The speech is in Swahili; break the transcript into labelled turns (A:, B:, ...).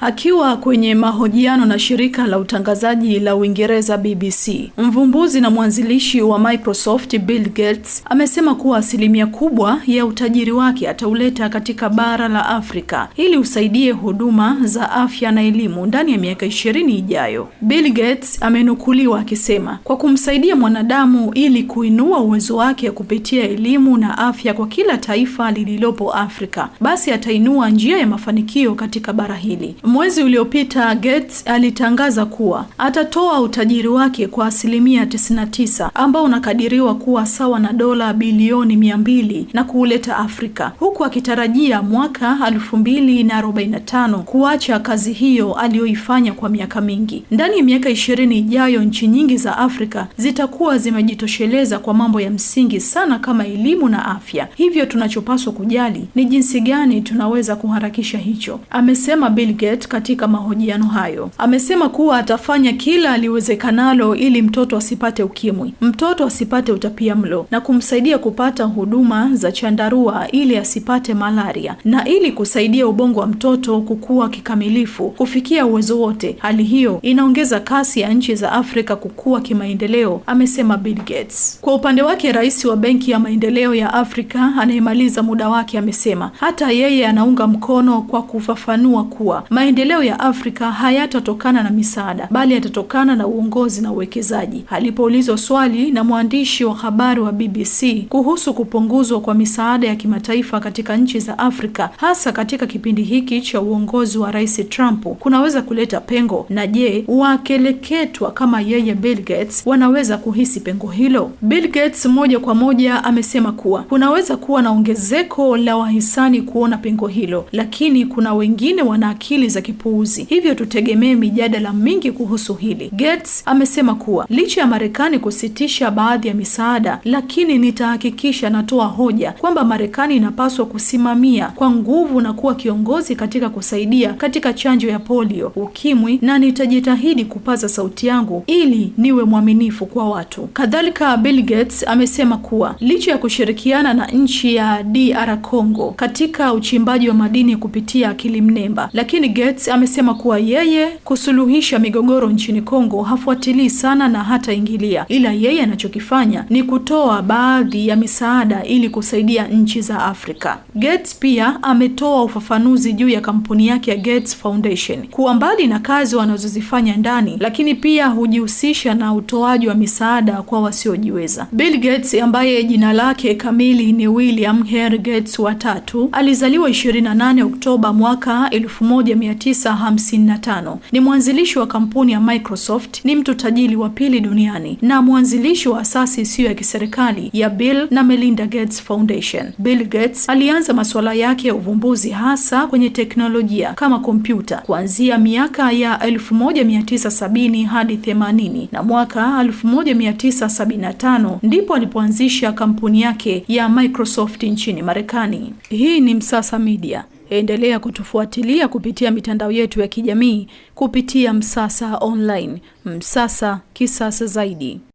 A: Akiwa kwenye mahojiano na shirika la utangazaji la Uingereza BBC, mvumbuzi na mwanzilishi wa Microsoft Bill Gates amesema kuwa asilimia kubwa ya utajiri wake atauleta katika bara la Afrika ili usaidie huduma za afya na elimu ndani ya miaka ishirini ijayo. Bill Gates amenukuliwa akisema, kwa kumsaidia mwanadamu ili kuinua uwezo wake kupitia elimu na afya kwa kila taifa lililopo Afrika, basi atainua njia ya mafanikio katika bara hili. Mwezi uliopita Gates alitangaza kuwa atatoa utajiri wake kwa asilimia 99 ambao unakadiriwa kuwa sawa na dola bilioni mia mbili na kuuleta Afrika, huku akitarajia mwaka elfu mbili na tano kuacha kazi hiyo aliyoifanya kwa miaka mingi. Ndani ya miaka ishirini ijayo, nchi nyingi za Afrika zitakuwa zimejitosheleza kwa mambo ya msingi sana kama elimu na afya. Hivyo tunachopaswa kujali ni jinsi gani tunaweza kuharakisha hicho, amesema Bill Gates Bolet katika mahojiano hayo. Amesema kuwa atafanya kila aliwezekanalo ili mtoto asipate ukimwi, mtoto asipate utapia mlo na kumsaidia kupata huduma za chandarua ili asipate malaria na ili kusaidia ubongo wa mtoto kukua kikamilifu kufikia uwezo wote. Hali hiyo inaongeza kasi ya nchi za Afrika kukua kimaendeleo, amesema Bill Gates. Kwa upande wake, rais wa Benki ya Maendeleo ya Afrika anayemaliza muda wake amesema hata yeye anaunga mkono kwa kufafanua kuwa Maendeleo ya Afrika hayatatokana na misaada, bali yatatokana na uongozi na uwekezaji. Alipoulizwa swali na mwandishi wa habari wa BBC kuhusu kupunguzwa kwa misaada ya kimataifa katika nchi za Afrika, hasa katika kipindi hiki cha uongozi wa Rais Trump kunaweza kuleta pengo, na je, wakeleketwa kama yeye Bill Gates wanaweza kuhisi pengo hilo? Bill Gates moja kwa moja amesema kuwa kunaweza kuwa na ongezeko la wahisani kuona pengo hilo, lakini kuna wengine wana akili za kipuuzi, hivyo tutegemee mijadala mingi kuhusu hili. Gates amesema kuwa licha ya Marekani kusitisha baadhi ya misaada, lakini nitahakikisha natoa hoja kwamba Marekani inapaswa kusimamia kwa nguvu na kuwa kiongozi katika kusaidia katika chanjo ya polio, ukimwi, na nitajitahidi kupaza sauti yangu ili niwe mwaminifu kwa watu. Kadhalika, Bill Gates amesema kuwa licha ya kushirikiana na nchi ya DR Congo katika uchimbaji wa madini kupitia akili mnemba, lakini Gates Gates amesema kuwa yeye kusuluhisha migogoro nchini Kongo hafuatilii sana na hata ingilia, ila yeye anachokifanya ni kutoa baadhi ya misaada ili kusaidia nchi za Afrika. Gates pia ametoa ufafanuzi juu ya kampuni yake ya Gates Foundation kuwa mbali na kazi wanazozifanya ndani, lakini pia hujihusisha na utoaji wa misaada kwa wasiojiweza. Bill Gates ambaye jina lake kamili ni William Henry Gates wa tatu alizaliwa 28 Oktoba mwaka 1 1955. Ni mwanzilishi wa kampuni ya Microsoft, ni mtu tajiri wa pili duniani na mwanzilishi wa asasi isiyo ya kiserikali ya Bill na Melinda Gates Foundation. Bill Gates alianza masuala yake ya uvumbuzi hasa kwenye teknolojia kama kompyuta kuanzia miaka ya 1970 hadi 80 na mwaka 1975 ndipo alipoanzisha kampuni yake ya Microsoft nchini Marekani. Hii ni Msasa Media endelea kutufuatilia kupitia mitandao yetu ya kijamii kupitia Msasa Online. Msasa kisasa zaidi.